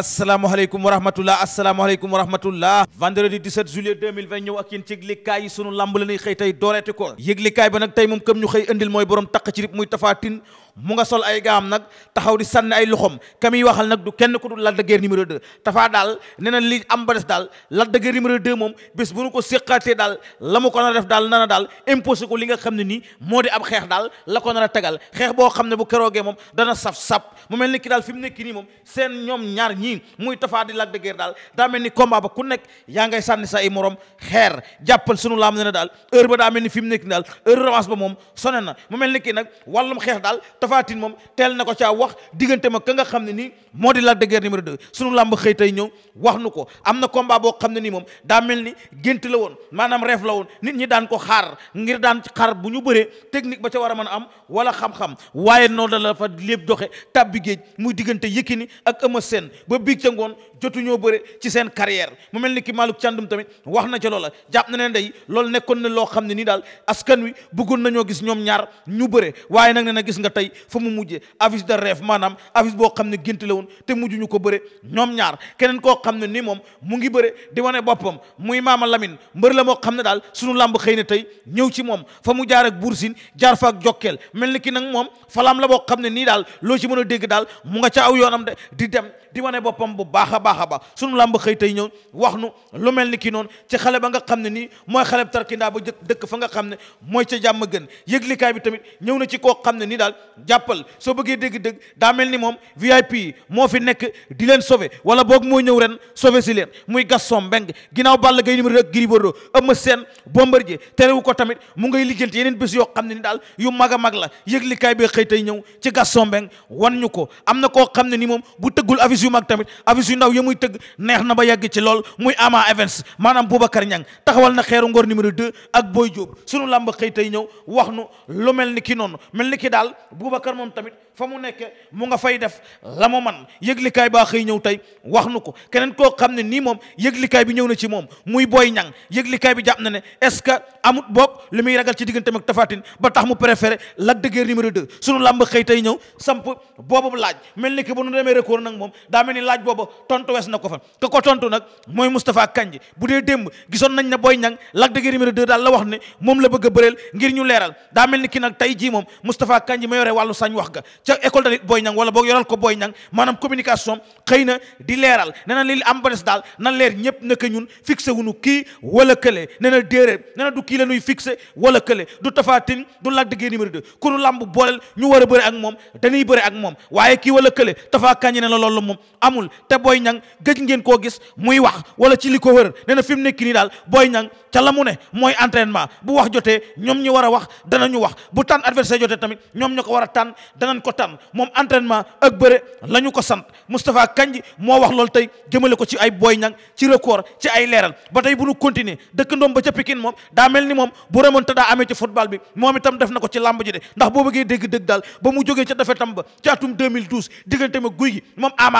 asalaamaaleykum wa rahmatullah asalaamaaleykum wa rahmatullah vendredi 17 juillet 2020 ñëw ak yéen ci yëglikaay yi sunu lamb la ñuy xëy tey dooleeti ko yëglikaay ba nag tey moom këm ñu xëy indil mooy borom taq ci rib muy tafaatin mu nga sol ay gaam nag taxaw di sànni ay loxoom ka muy waxal nag du kenn ku dul Lac de Guiers numéro 2 tafaa daal nee na li am ba des daal Lac de Guiers numéro 2 moom bu nu ko séqaatee daal la mu ko a def daal nana daal imposé ko li nga xam ne nii moo di ab xeex daal la ko nar a tegal xeex boo xam ne bu keroogee moom dana saf-sap mu mel ni ki daal fi mu nekk nii moom seen ñoom ñaar ñii muy tafaa di Lac de Guiers daal daa mel ni combat ba ku nekk yaa ngay sànni sa ay morom xeer jàppal sunu laam ne na daal heure ba daa mel ni fi mu nekk nii daal heure revanche ba moom sone na mu mel ni ki nag wàllum xeex daal Tapha Tine moom teel na ko caa wax diggante ma ka nga xam ne nii moo di Lac de Guiers numéro 2 sunu làmb xëy tey ñëw wax nu ko am na combat boo xam ne nii moom daa mel ni gént la woon maanaam reef la woon nit ñi daan ko xaar ngir daan xaar bu ñu bëree technique ba ca war a mën a am wala xam-xam waaye da la fa lépp doxe tàbbi géej muy diggante Yékini ak Eumeu seen ba biig ca ngoon jotu ñoo bëre ci seen carrière mu mel ni ki Malouk Thiandoum tamit wax na ca loola jàpp na ne day loolu nekkoon na loo xam ne nii daal askan wi bëggoon nañoo gis ñoom ñaar ñu bëre waaye nag na gis nga tey fa mu mujje affiche de rêve maanaam affiche boo xam ne gént la woon te mujjuñu ko bëre ñoom ñaar keneen koo xam ne ni moom mu ngi bëre di wane boppam muy maama Lamine mbër la moo xam ne daal sunu làmb xëy na tey ñëw ci moom fa mu jaar ak bursin jaar fa ak jokkeel mel ni ki nag moom falaam la boo xam ne nii daal loo ci mën a dégg daal mu nga ca aw yoonam de di dem di wane boppam bu baax a baax a baax sunu làmb xëy tey ñëw wax nu lu mel ni kii noonu ci xale ba nga xam ne nii mooy xale bu tarkindaa ba dëkk fa nga xam ne mooy ca jàmm gën yëglikaay bi tamit ñëw na ci koo xam ne nii daal jàppal soo bëggee dégg-dégg daa mel ni moom VIP yi moo fi nekk di leen sauver wala boog mooy ñëw ren sauver si leen muy Gaston Mbengue ginnaaw Balla Gaye numéro Gris Bordeaux Eumeu Sène Bombardier terewu ko tamit mu ngay lijjanti yeneen bés yoo xam ne ni daal yu mag a mag la yëglikaay bi xëy tey ñëw ci Gaston Mbengue wan ñu ko am na ni moom bu tëggul avis affiche yu mag tamit affiche yu ndaw ya muy tëgg neex na ba yàgg ci lool muy ama events maanaam Boubacar Niang taxawal na xeeru ngor numéro 2 ak Boy Diop sunu làmb xëy tey ñëw wax nu lu mel ni ki noonu mel ni ki daal Boubacar moom tamit fa mu nekke mu nga fay def la mu man yëglikaay baa xëy ñëw tey wax nu ko keneen koo xam ne nii moom yëglikaay bi ñëw na ci moom muy booy Niang yëglikaay bi jàpp na ne est-ce que amut boog li muy ragal ci digganteem ak Tapha ba tax mu préféré Lac de Guiers numéro 2 sunu làmb xëy tey ñëw samp boobu laaj mel ni ki bu nu nag moom daa mel ni laaj booba tontu wees na ko fa te ko tontu nag mooy Moustapha Kandji bu dee démb gisoon nañ ne Boy Niang lag de Guiers numéro 2 daal la wax ne moom la bëgg a bëreel ngir ñu leeral daa mel ni kii nag tey jii moom Moustapha Kandji ma yore wàllu sañ wax ga ca école de Boy Niang wala boog yoral ko Boy Niang maanaam communication xëy na di leeral nee na li am ba des daal na leer ñëpp naka ñun fixé nu kii wala kële nee na déeréer nee du kii la ñuy fixé wala kële du tafaatin du Lac de Guiers numéro 2 nu làmb booleel ñu war a ak moom dañuy bëri ak moom waaye kii wala kële Tapha Kandji ne la loolu moom amul te Boy Niang gëj ngeen koo gis muy wax wala ci li ko wër nee na fi mu nekk nii daal Boy Niang ca la mu mooy entraînement bu wax jotee ñoom ñi war a wax danañu wax bu tànn adversaire jotee tamit ñoom ña ko war a tànn danañ ko tànn moom entraînement ak bëre la ñu ko sant Moustapha Kandji moo wax loolu tey jëmale ko ci ay Boy Niang ci record ci ay leeral ba tey bu nu continuer dëkkandoom ba ca Pikine moom daa mel ni moom bu remonté daa amee ci football bi moom itam def na ko ci làmb ji ndax boo bëggee dégg-dëgg daal ba mu jógee ca defetam ba ca atum 2012 diggante ma guy gi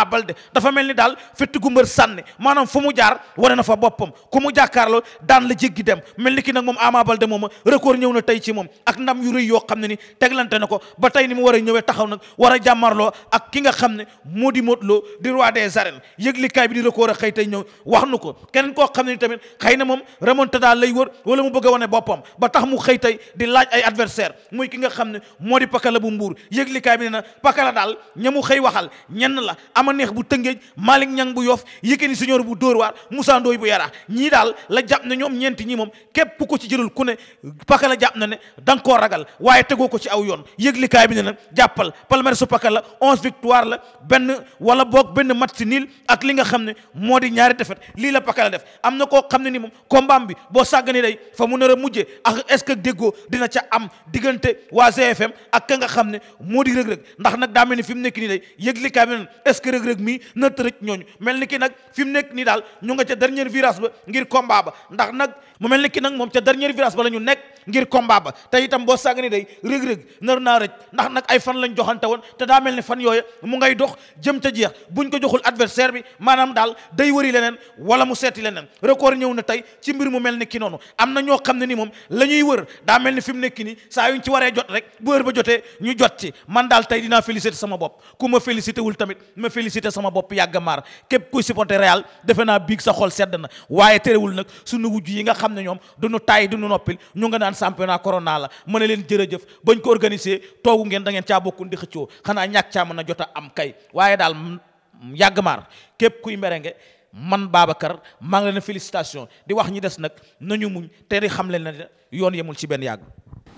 Balde dafa mel ni daal fett gu mbër sànni maanaam fu mu jaar wane na fa boppam ku mu jàkkaarloo daan la jéggi dem mel ni ki nag moom Ama Balde mooma record ñëw na tey ci moom ak ndam yu rëy yoo xam ne ni teglante na ko ba tey ni mu war a ñëwee taxaw nag war a jàmmarloo ak ki nga xam ne moo di Modou Lo di roi des arènes yëglikaay bi di record a xëy tey ñëw wax nu ko keneen koo xam ne ni tamit xay na moom remontada lay wër wala mu bëgg a wane boppam ba tax mu xëy tey di laaj ay adversaire muy ki nga xam ne moo di pakala bu mbuur yëglikaay bi na pakala daal ña mu xëy waxal ñenn la neex bu tëngéej Malick Niang bu yof Yékini Senior bu Dóor waar Moussa Ndoye bu Yaraax ñii daal la jàpp ne ñoom ñeenti ñi moom képp ko ci jëlul ku ne Pakala jàpp na ne da nga koo ragal waaye tegoo ko ci aw yoon yëglikaay bi ne nag jàppal palmarès su Pakala onze victoire la benn wala boog benn match si niil ak li nga xam ne moo di ñaari defet lii la Pakala def am na koo xam ne ni moom combat bi boo sàggane day fa mu nar a mujje ak est-ce que déggoo dina ca am diggante waa GFM ak ka nga xam ne moo di rëg ndax nag daa mel mu nekk rëg-rëg mi na tërëj ñooñu mel ni ki nag fi mu nekk nii daal ñu nga ca dernier virage ba ngir combat ba ndax nag mu mel ni ki nag moom ca dernier virage ba la ñu nekk ngir combat ba te itam boo sàgg ni day rëg-rëg nar naa rëj ndax nag ay fan lañ joxante woon te daa mel ni fan yooyu mu ngay dox jëm ca jeex buñ ko joxul adversaire bi maanaam daal day wëri leneen wala mu seeti leneen record ñëw na tey ci mbir mu mel ni ki noonu am na ñoo xam ne ni moom la ñuy wër daa mel ni fi mu nekk nii saa yuñ ci waree jot rek bu wër ba jotee ñu jot man daal tey dinaa sama bopp cité sama bopp yàgg maar képp kuy supporter Real defe naa biig sa xol sedd na waaye terewul nag sunu wujj yi nga xam ne ñoom du duñu tàyyi duñu noppil ñu nga naan championnat corona la ma ne leen jërëjëf bañ ko organiser toogu ngeen da ngeen caa bokkun di xëccoo xanaa ñàkk caa mën a jot a am kay waaye daal yàgg maar képp kuy merenge man Babacar maa ngi leen félicitation di wax ñi des nag nañu muñ te di xam leen ne yoon yemul ci benn yàgg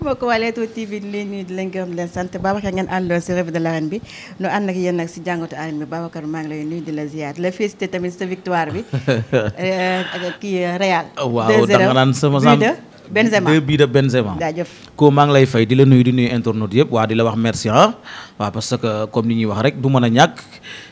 mbokk waa Leewtoo TV ñu leen nuyu di leen gërëm di leen sant Babacar ngeen àndaloon si revue de l'arène bi nu ànd ak yéen nag si jàngatu arène bi Babacar maa ngi lay nuyu di la ziar la félicité tamit sa victoire bi euh, kii euh, Real. 2-0 waaw da nga naan sama sant Benzema deux buts de Benzema. jaajëf ko maa ngi lay fay di la nuyu di nuyu internautes yëpp waa di la wax merci ah. waaw parce que comme ni ñuy wax rek du mën a ñàkk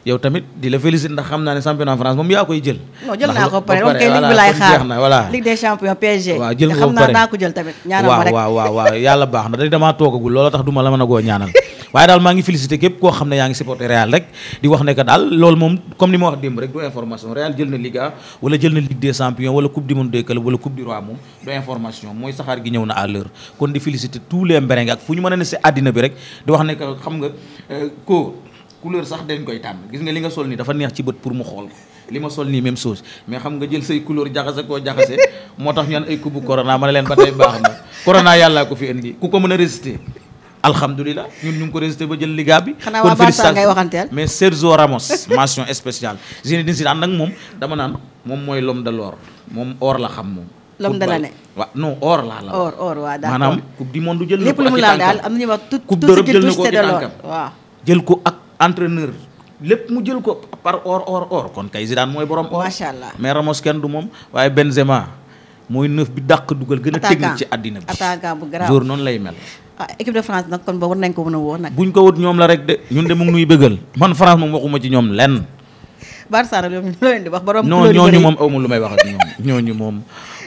yow tamit di la féliciter ndax xam naa ne championnat France moom yaa koy jël. non jël naa ko pare ok ligue bi laay xaar voilà ligue des champions PSG. jël xam naa naa ko jël tamit. ñaanal ma rek waaw waaw waaw yàlla baax na day damaa toogagul looloo tax du ma la mën a goo ñaanal waaye daal maa ngi félicité képp koo xam ne yaa ngi supporté Real rek di wax ne que daal loolu moom comme ni ma wax démb rek du information Real jël na Liga wala jël na Ligue des champions wala coupe du monde des clubs coupe du roi moom du information mooy saxaar gi ñëw na à l'heure kon di félicité tous les mbérengue ak fu ñu mën a ne si àddina bi rek di wax ne xam nga euh, ko couleur sax dañ koy tànn gis nga li nga sol nii dafa neex ci bët pour mu xool li ma sol nii même chose mais xam nga jël say couleur jaxase koo jaxase moo tax ñu naan ay na corona yàllaa ko fi indi ku ko mën a alhamdulilah ñun ñu ngi ko résulté ba jël liga bi. xanaa waa Barça ngay waxanteel mais Sergio Ramos. mention spéciale Zinedine Zidane nag moom dama naan moom mooy l'homme de l'or moom or la xam moom. l'homme la. or or waaw d'accord maanaam coupe du monde jël lépp lu mu am na ñu wax tout coupe d'Europe jël na ko ci tànkam waaw lépp mu jël ko par or or or kon kay Zidane mooy borom or. macha allah mais Ramos kenn du moom waaye Benzema mooy neuf bi dàq dugal. gën a technique ci àddina bi attaquant bu garaaw jour noonu lay mel. ah équipe de France nag kon boobu war nañ ko mën a woo nag. buñ ko wut ñoom la rek de ñun de mu ngi nuy bëggal man France moom waxuma ci ñoom lenn. Barça nag loolu di wax. borom non ñooñu moom amul lu may wax ak ñoom ñooñu moom.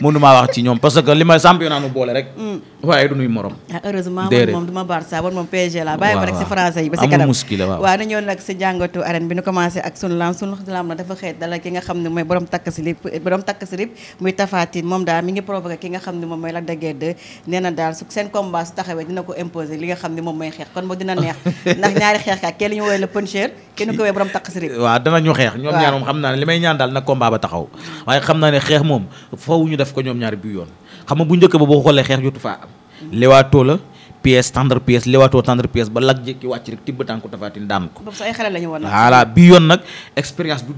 mënu maa wax ci ñoom parce que li ma championnat boole rek. Mm. waaye du nuy morom. Ah, heureusement moom du ma Barça moom PSG la bàyyi ma rek si français yi. ba si kanam muy tafaatin moom daal mi ngi provoqué ki nga xam ne moom mooy xeex kon moo dina neex ndax ñaari xeex kaa kenn ñu woowee le puncheur kenn ko woowee borom takk si rib waaw danañu xeex ñoom ñaar moom xam naa ne li may ñaan daal na combat ba taxaw waaye xam naa ne xeex moom faw ñu def def ko ñoom ñaar bi yoon xam nga bu njëkk ba boo xoolee xeex jotu faa am lewaatoo la pièce tendre pièce lewaatoo tendre pièce ba lak jékki wàcc rek tibb tànku tafaatin daan ko bi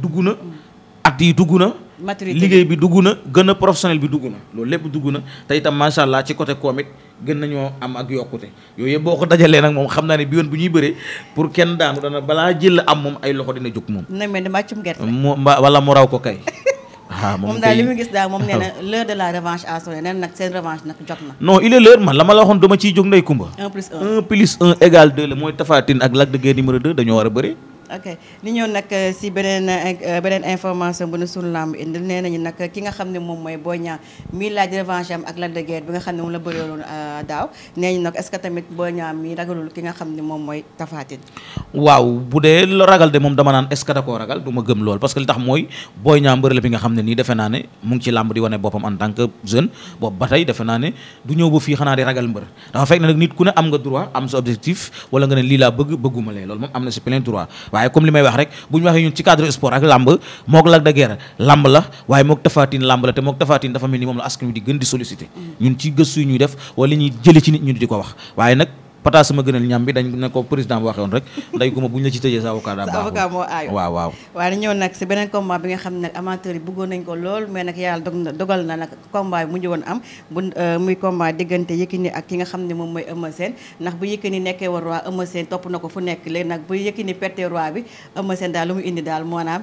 dugg na at yi dugg na liggéey bi dugg na gën a professionnel bi dugg na loolu lépp dugg na tey tam macha allah ci côté koom it gën nañoo am ak yokkute yooyu yëpp boo ko dajalee nag moom xam naa ne bi yoon bu ñuy bëree pour kenn daanu dana balaa jël am moom ay loxo dina jóg moom. na mel ni mbàccum mu raw ko kay. Ah, moom daal li mu gis daal moom nee na l'heure de la revanche a sonné nee nag seen revanche nag jot na non il est l'heure man la la waxoon dama ciy jóg ndey kumba 1 plus 1 1 plus 1 la mooy Tapha ak Lac de Guiers numéro 2 dañoo war a bëri ok li ñëw nag euh, si beneen euh, euh, beneen information bu nu suñu làmb indil nee nañu nag ki nga xam ne moom mooy Boy Niang mii laaj revanche ak Lac de Guiers bi nga xam ne moom la bëreeloon daaw tamit Boy Niang mii ki nga xam ne moom mooy Tapha Tine waaw bu dee ragal de moom dama naan est-ce ragal du ma gëm lool parce que li tax mooy Boy Niang mbër la bi nga xam ne nii defe naa ne mu ngi ci làmb di wane boppam en tant que jeune boobu ba tey defe naa ne du ñëw ba fii xanaa di ragal mbër dafa fekk nag nit ku ne am nga droit am sa objectif wala nga ne lii laa bëgguma lee loolu moom am na si plein waaye comme li may wax rek bu ñu waxee ñun ci cadre sport ak lamb mook Lac de Guiers lamb la waaye mook Tapha Tine lamb la te mook Tapha Tine dafa mel ni moom la askan wi di gën di solliciter mm. ñun ci gëstu ñuy def wala ñuy jële ci nit ñu di ko wax waaye nag pataas sama gënal ñam bi dañ ko président bi waxee woon rek nday ko ma bu ñu la ci tëjee sa avocat daa baaxul sa avocat moo aayu waaw waaye na ñëw nag si beneen combat bi nga xam ne nag amateur yi bëggoon nañ ko lool mais nag yàlla dog na dogal na nag combat bi mujj woon am bu euh, muy combat diggante Yékini ak ki nga xam ne moom mooy Eumeu Sène ndax bu Yékini nekkee war roi Eumeu Sène topp na ko fu nekk léegi nag bu Yékini perte roi bi Eumeu Sène daal lu mu indi daal maanaam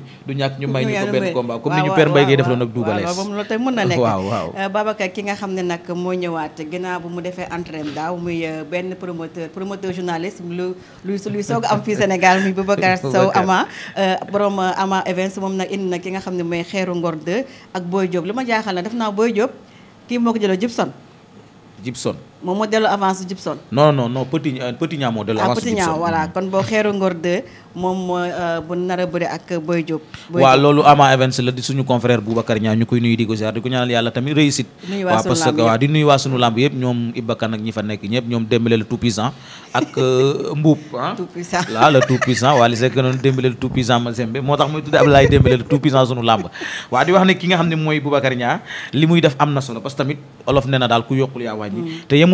Jili du ñàkk ñu may ñu ko benn combat comme ni ñu Père Mbaye Gueye def loon ak duubalees waaw loolu tey mën na nekk waaw waaw euh, Babacar ki nga xam ne nag moo ñëwaat ginnaaw bu mu defee entraîne daaw muy euh, benn promoteur promoteur journaliste lu luy luy am fii Sénégal muy Babacar Sow Ama euh, borom Ama Events moom nag indi na ki nga xam ne mooy xeeru ngor 2 ak Boy Diop li ma jaaxal na def naa Boy Diop kii moo ko jëlee Gibson Gibson moom moo delloo avance su Gibson. non non non Petit euh, Petit moo delloo ah, avance su Gibson voilà kon boo xeeru ngor moom mooy euh, bu nar a bëri ak Boy Diop. waaw loolu Ama Events la di suñu confrère Boubacar Niang ñu koy nuyu di ko ziar di ko ñaanal yàlla tamit di suñu lamb yëpp ñoom Ibakan ak ñi fa nekk euh, ah. waa li am na solo parce tamit olof nee daal ku yokkul yaa wàññi mm.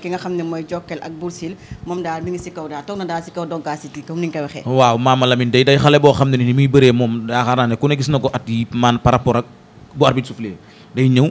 ki nga xam ne mooy Jokkel ak Boursil moom daal mi ngi si kaw daal toog na daal si kaw Donka City comme ni nga ko waxee waaw Mama Lamine day day xale boo xam ne ni muy bëree moom yaakaar naa ku ne gis na ko at yi man par rapport ak bu arbitre soufflé day ñëw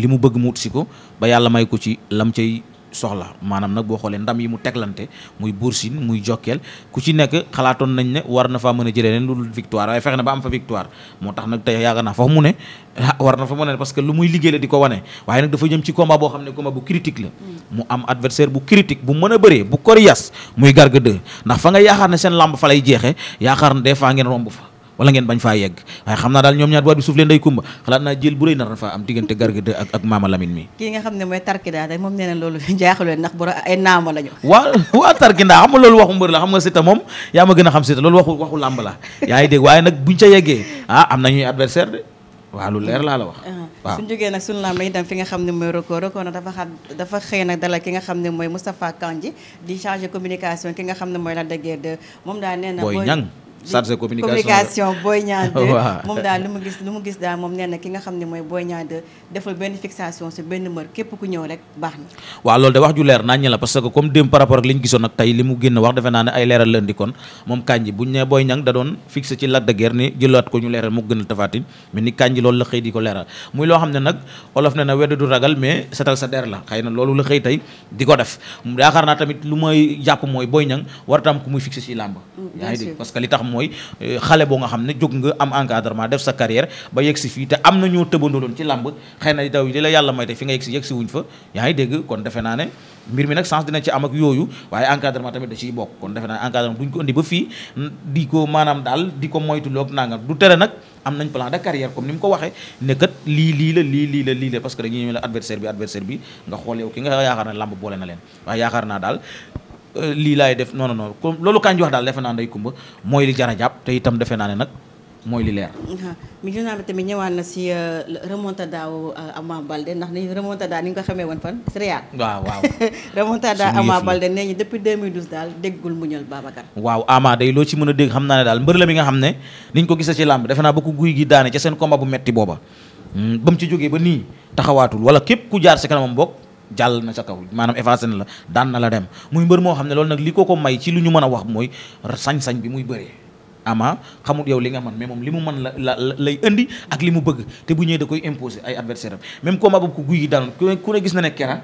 li mu bëgg mu wut si ko ba yàlla may ko ci lam cay soxla maanaam nag boo xoolee ndam yi mu teglante muy Boursin muy Jokkel ku ci nekk xalaatoon nañ ne war na faa mën a jëlee leen lu dul victoire waaye fexe na ba am fa victoire moo tax nag tey yaakaar naa foofu mu ne ah, war na fa mën parce que lu muy liggéey la di ko wane waaye nag dafa jëm ci combat boo xam ne combat bu critique la mm. mu am adversaire bu critique bu mën a bëree bu coriace muy Garga 2 ndax fa nga yaakaar ne seen lamb fa lay jeexee yaakaar ne des fois ngeen romb fa wala ngeen bañ faa yegg waaye xam naa daal ñoom ñaar bu waat bi suuf leen day kumba xalaat naa jël bu rëy nar na faa am diggante garga de ak maama Lamine mi ne mooy tarkindaa day moom nee na loolu jaaxaleen ndax bu ay naama lañu waa ma gën a xam Siteu loolu waxu waxu làmb la yaa ngi dégg waaye nag buñ ca yeggee ah am la wax ah, waaw suñ jógee nag suñu làmb nga xam ne mooy record record nag dafa xat dafa xëy nag dalal ki nga xam ne mooy Moustapha Kandji di chargé ki nga xam ne mooy la de guerre de moom daal nee chargé communication communication Boy Niang 2 moom daal lu mu mu gis daal moom nee ki nga xam ne mooy Boy Niang 2 deful benn fixation si benn mër képp ku ñëw rek baax na waaw loolu de wax ju leer nañ la parce que comme démb par rapport li ñu gisoon nag tey li mu génn wax defe naa ne ay leeral la indi kon moom Kandji buñ ne Boy Niang da doon fixé ci Lac de ni jëlaat ko ñu leeral mu gënal Tapha Tine mais ni Kandji loolu la xëy di ko leeral muy loo xam ne nag olof ne na wedd du sa der la xëy na loolu la xëy tey di ko def yaakaar naa tamit lu may jàpp mooy Boy Niang war mooy euh, xale boo nga xam ne jóg nga am encadrement def sa carrière ba yegg si fii te am na ñoo tëbandooloon ci làmb xëy na daw li la ko indi ba fii di ko daal di ko moytuloo ak du tere nag am nañ plan carrière comme ni mu ko waxee ne lii lii la lii la lii la parce que dañuy ñëw adversaire bi adversaire bi nga xool yow nga yaakaar na làmb boole na leen waaye yaakaar naa daal Euh, lii laay def noonu noonu non comme loolu kañ wax daal defe naa ndey kumba mooy li jar jàpp te itam defe naa ne nag mooy li leer. waaw ah, mijuna bi tamit ñëwaat na si euh, remontada wu euh, Ama Balde ndax ni ko xamee woon fan si Riyad. waaw waaw remontada Ama Balde nee ñu depuis 2012 daal déggul mu ñëw Babacar. waaw Ama day loo ci mën a dégg xam naa ne daal mbër la mi nga xam ne niñ ko gisee ci làmb defe naa ba ku guy gi daane ca seen combat bu metti booba hmm, ba mu ci jógee ba nii taxawaatul wala képp ku jaar si kanamam bokk. jàll na sa kaw maanaam effacé na la daan na la dem muy mbër moo xam ne loolu nag li ko ko may ci lu ñu mën a wax mooy sañ-sañ bi muy bëree ama xamul yow li nga mën mais moom li mu mën la la lay indi ak li mu bëgg te bu ñëwee da koy imposer ay adversaire am même combat boobu ku guy gi daanoon ku ne gis na ne kera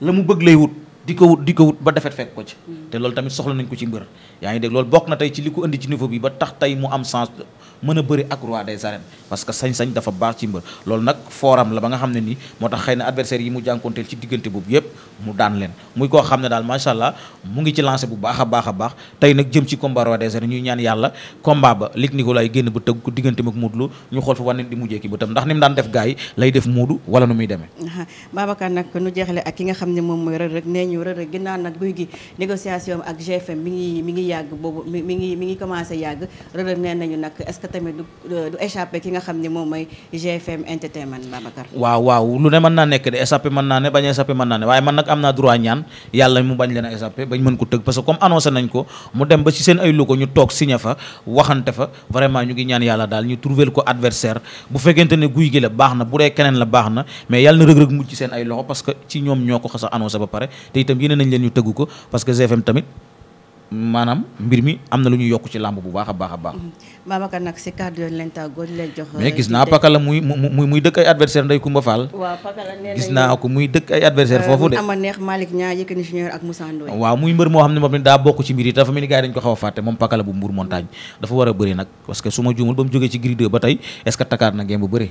la mu bëgg lay wut di ko wut di ko wut ba defet fekk ko ci hmm. te loolu tamit soxla nañ ko ci mbër yaa ngi dégg loolu bokk na tey ci li ko indi ci niveau bi ba tax tey mu am sens mën a bëri ak roi des arènes parce que sañ-sañ dafa baax ci mbër loolu nag fooram la ba nga xam ne nii moo tax xëy na adversaire yi mu jànkonteel ci diggante boobu yëpp mu daan leen muy koo xam ne daal macha allah mu ngi ci lancé bu baax a baax a baax tey nag jëm ci combat roi des arènes ñu xool fa wane di mujjee ki ba tam ndax ni daan def gars lay def Modou wala nu muy demee Babacar nag nu jeexale ak ki nga xam ne moom mooy Reug nee tamit du du ki nga xam ne moom mooy GFM entertainment Babacar. waaw waaw lu ne mën naa nekk de échappé mën naa ne bañ a échappé mën naa ne waaye man nag am naa droit ñaan yàlla mu bañ leen a échappé bañ mën ko tëgg parce que comme annoncé nañ ko mu dem ba ci seen ay logo ñu toog signé fa waxante fa vraiment ñu ngi ñaan yàlla daal ñu trouver ko adversaire bu fekkente ne guy gi la baax na bu dee keneen la baax na mais yàlla na rëg-rëg mucc seen ay a annoncé ba pare te itam ko parce que GFM tamit maanaam mbir mi am na lu ñu yokk ci làmb bu baax a baax a baax. Mm-hmm. Babacar nag si kàddu gis naa Pakala muy dëkk ay adversaire Ndeye Coumba Fall. gis naa ko muy dëkk ay adversaire foofu de. Euh, waaw muy mbër moo xam ne moom daa bokk ci mbir yi dafa mel ni gars dañ ko xaw a fàtte moom Pakala bu Mbour montagne dafa war a bëri nag parce su ma juumul ba jógee ci Gris ba tey est ce que takkaar na ngeen ba boobu.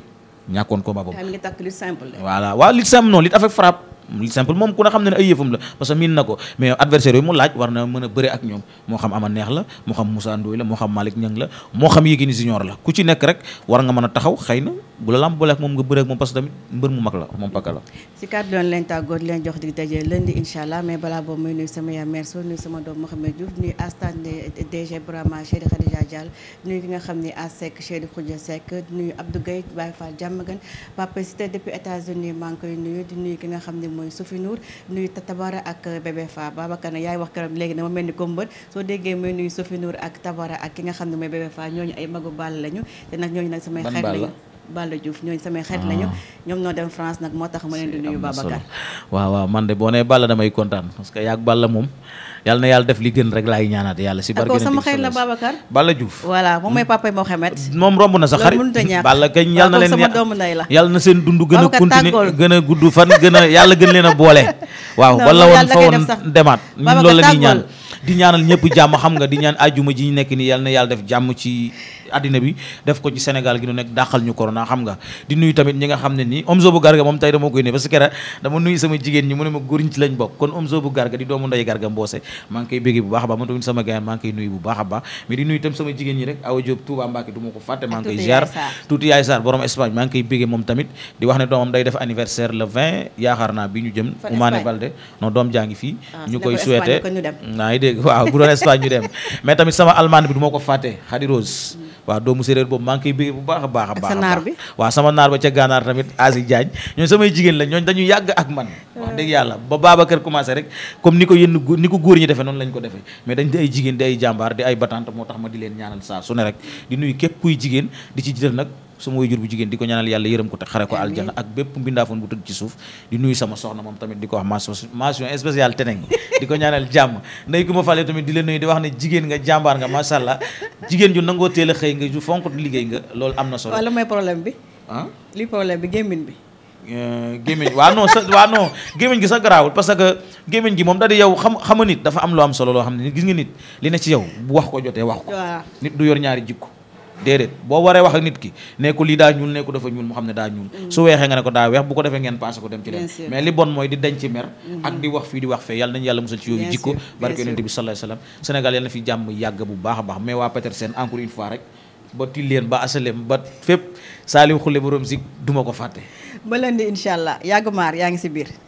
waaw mi simple. noonu lutte avec frappe li simple moom ku ne xam ne ne ay la parce que miin na ko mais adversaire yooyu mu laaj war na mën a bëre ak ñoom moo xam ama neex la moo xam Moussa Ndoye la moo xam Malick Niang la moo xam Yékini Junior la ku ci nekk rek war nga mën a taxaw xëy bu la lamb boole ak moom nga bëre ak moom parce tamit mbër mu mag la moom paka la si kàddu loon leen tàggoo leen jox dig daje lundi incha allah mais balaa boobu muy nuyu sama yaay mère nuyu sama doom mooy Sophie Nour nuyu Tabara ak bébé Fa Babacar ne yaay wax këram léegi dama mel ni ko mbër soo déggee mooy nuyu Sophie Nour ak Tabara ak ki nga xam ne mooy bébé Fa ñooñu ay magu bal lañu te nag ñooñu nag samay xarit lañu Balla Diouf ñooñu samay xeet lañu. Ah. ñoom ñoo dem France nag moo tax ma leen di nuyu Babacar. waaw waaw man de boo nee Balla damay kontaan parce que yaag Balla moom yàlla def li gën rek laay ñaanaat yàlla si barke sama la Babacar Balla Diouf voilà Balla a a a a boole waaw woon fa woon demaat ñun loolu la ñuy ñaanal ñëpp jàmm xam nga di ñaan ajuma ji ñu nekk nii yàlla yàlla def jàmm ci àddina bi def ko ci Sénégal gi nu nekk dàqal ñu corona xam nga di nuyu tamit ñi nga xam ne nii Omzo bu Garga moom tey dama koy sama jigéen ñi mu ne ma góor ñi ci lañ bokk kon bu Garga di doomu ndey Garga Mbossé maa ngi koy bégge moom tamit di wax ne doomam day def anniversaire le 20 naa bi ñu jëm Oumane Balde non doom jaa fii ah, ñu koy souhaité naa ngi dégg waaw bu doon Espagne ñu dem mais tamit sama almaan bi du ma ko fàtte waaw doomu séeréer boobu maa ngi koy bëgg bu baax a baax a baax waaw sama naar ba ca gànnaar tamit Asi Diagne ñooñu samay jigéen la ñooñ dañu yàgg ak man wax dëgg yàlla ba Babacar commencé rek comme ni ko yenn ni ko góor ñi defe noonu lañ ko defee mais dañ di ay jigéen di ay jàmbaar di ay batante moo tax ma di leen ñaanal saa su ne rek di nuyu képp kuy jigéen di ci jiital nag sama waajur bu jigéen di ko ñaanal yàlla yërëm ko te xare ko aljana ak bépp mbindaafoon bu tëdd ci suuf di nuyu sama soxna moom tamit di ko wax mention spéciale teneng di ko ñaanal jàmm nay ku ma fàle tamit di la nuyu di wax ne jigéen nga jàmbaar nga macha allah jigéen ju nangoo teel a xëy nga ju fonk liggéey nga loolu am na solo wala mooy problème bi ah li problème bi gémmiñ bi euh, gémmiñ waaw non sa waaw non gémmiñ gi sax garaawul parce que gémmiñ gi moom da di yow xam xama nit dafa am lu am solo loo xam ne gis nga nit li ne ci yow bu wax ko jotee wax ko nit du yor ñaari jikko déedéet boo waree wax ak nit ki ne ko lii daa ñuul ne ko dafa ñuul mu xam ne daa ñuul mm. su weexee nga ne ko daa weex bu ko defee ngeen passé ko dem ci leen mais li bon mooy di denc mer mm-hmm. ak di wax fii di wax fee yàlla nañu yàlla musal ci yooyu jikko barke yonent bi sallallahu alayhi wasallam Sénégal yàlla fi jàmm yàgg bu baax a baax mais waa Petersen encore une fois rek ba tilleen ba asalem ba fépp Saliou Khoule borom si duma ko fàtte ba leen di incha allah yàgg maar yaa ngi si biir